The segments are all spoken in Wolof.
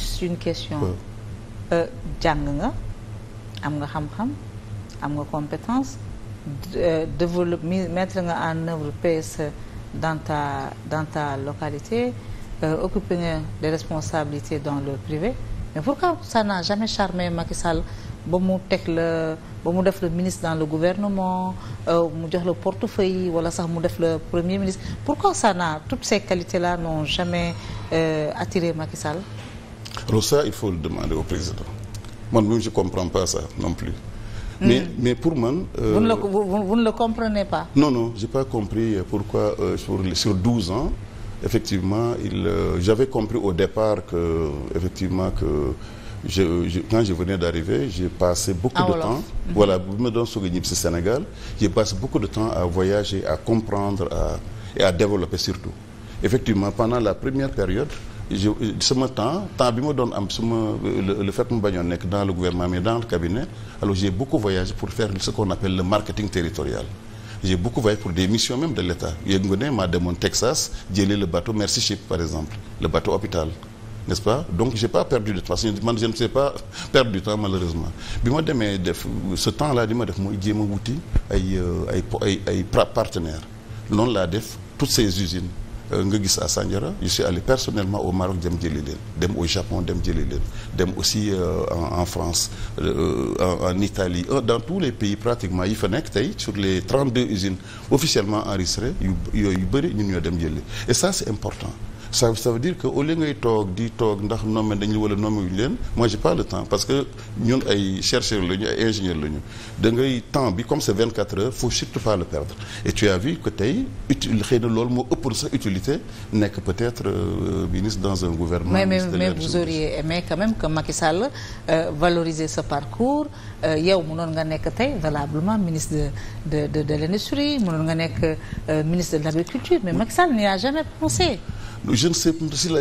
juste question euh, jàng nga am nga xam-xam am nga compétence euh, développe mettre nga en œuvre PSE dans ta localité euh, occuper nga des responsabilités dans le privé mais pourquoi ça n'a jamais charmé Macky ba mu teg la ba mu def le ministre dans le gouvernement euh, mu jox la portefeuille wala sax mu def le premier ministre pourquoi ça n'a toutes ces qualités là n'ont jamais euh, attiré Macky Alors ça, il faut le demander au président. Moi-même, je comprends pas non plus. Mais, mmh. pour moi... Euh, vous, ne le, vous, vous, ne le, comprenez pas Non, non, je n'ai pas compris pourquoi euh, sur, sur 12 ans, effectivement, euh, j'avais compris au départ que, que je, je, quand je venais d'arriver, j'ai passé beaucoup ah, de temps, mmh. voilà, vous me donnez sur le Sénégal, j'ai passé beaucoup de temps à voyager, à comprendre à, et à développer surtout. Effectivement, pendant la première période, je sama temps temps bi ma doon am sama le fait mu bañoon nekk dans le gouvernement mais dans le cabinet alors j'ai beaucoup voyagé pour faire ce qu'on appelle le marketing territorial j'ai beaucoup voyagé pour des missions même de l'État yéeg nga ne maa demoon Texas jëlee le bateau Mercy Ship par exemple le bateau hôpital n'est-ce pas donc j'ai pas perdu de temps que man je ne sais pas perdre du malheureusement bi ma demee def ce temps là di ma def mooy jéem a wuti ay euh, ay ay ay partenaires noonu laa def toutes ces usines Euh, nga gis à Sandiara je suis allé personnellement au Maroc dem jëli leen dem au Japon dem jëli leen dem aussi euh, en France euh, en Italie dans tous les pays pratiquement yi fa nekk tey sur les 32 usines officiellement enregistrées yu yooyu yu bëri ñu ñoo dem jëli et ça c'est important ça ça veut dire que au lieu ngay toog di toog ndax nommé dañu wala nommé wuñu leen moi j'ai pas le temps parce que ñun ay chercheurs lañu ay ingénieurs lañu da ngay temps bi comme c'est 24 heures foo surtout pas le perdre et tu as vu que tey xëy na loolu moo ëppoon sa utilité nekk peut-être euh, ministre dans un gouvernement. mais mais mais vous auriez aimé quand même que Sall euh, valoriser sa parcours euh, yow mënoon nga nekk tey valablement ministre de de de de l'industrie mënoon nga nekk ministre de l'agriculture mais Macky Sall n'y je ne sais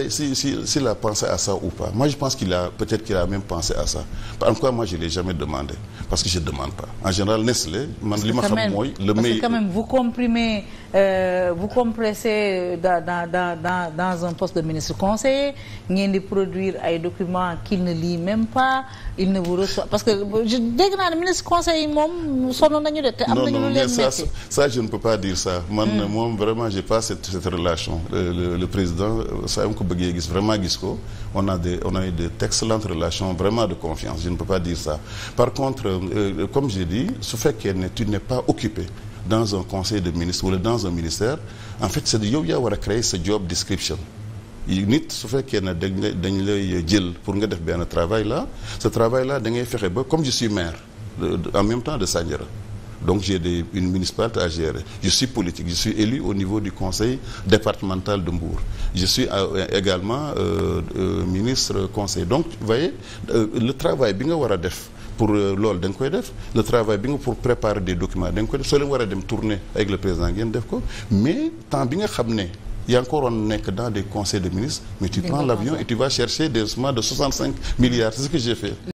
si, si, si à ça ou pas. je pense qu'il a peut-être qu'il a même pensé à ça. En tout je l'ai jamais demandé. Parce que je demande pas. En général, Nestlé, man, le parce meilleur. quand même, vous comprimez, euh, vous compressez dans, dans, dans, dans, un poste de ministre conseiller, vous de produire des documents qu'il ne lit même pas, il ne vous reçoit. Parce que je, dès que le ministre conseiller, nous sommes non, non, mais ça, ça, je ne peux pas dire ça. Man, mm. Moi, pas euh, président saa yu ma ko bëggee gis vraiment gis ko on a des on a eu des excellentes relations vraiment de confiance je ne peux pas dire ça par contre euh, euh comme j'ai dit su fekkee ne tu n'es pas occupé dans un conseil de ministre wala dans un ministère en fait c'est yow yaa war a créer sa job description nit su fekkee ne dañ lay dañ jël pour nga def benn travail la ce travail là da ngay fexe ba comme je suis maire euh, en même temps de Sandiara Donc j'ai de une municipalité à gérer. Je suis politique, je suis élu au niveau du conseil départemental de Mbour. Je suis euh, également euh, euh, ministre conseil. Donc vous voyez, euh, le travail bi nga war a def pour loolu da koy def le travail bi nga pour préparer des documents da nga koy def soo leen war a dem tourner avec le président ngeen def ko mais temps bi nga xam ne yaa ngi ko waroon nekk dans des conseils de ministres mais tu prends l'avion et tu vas chercher des sommes de 65 milliards c'est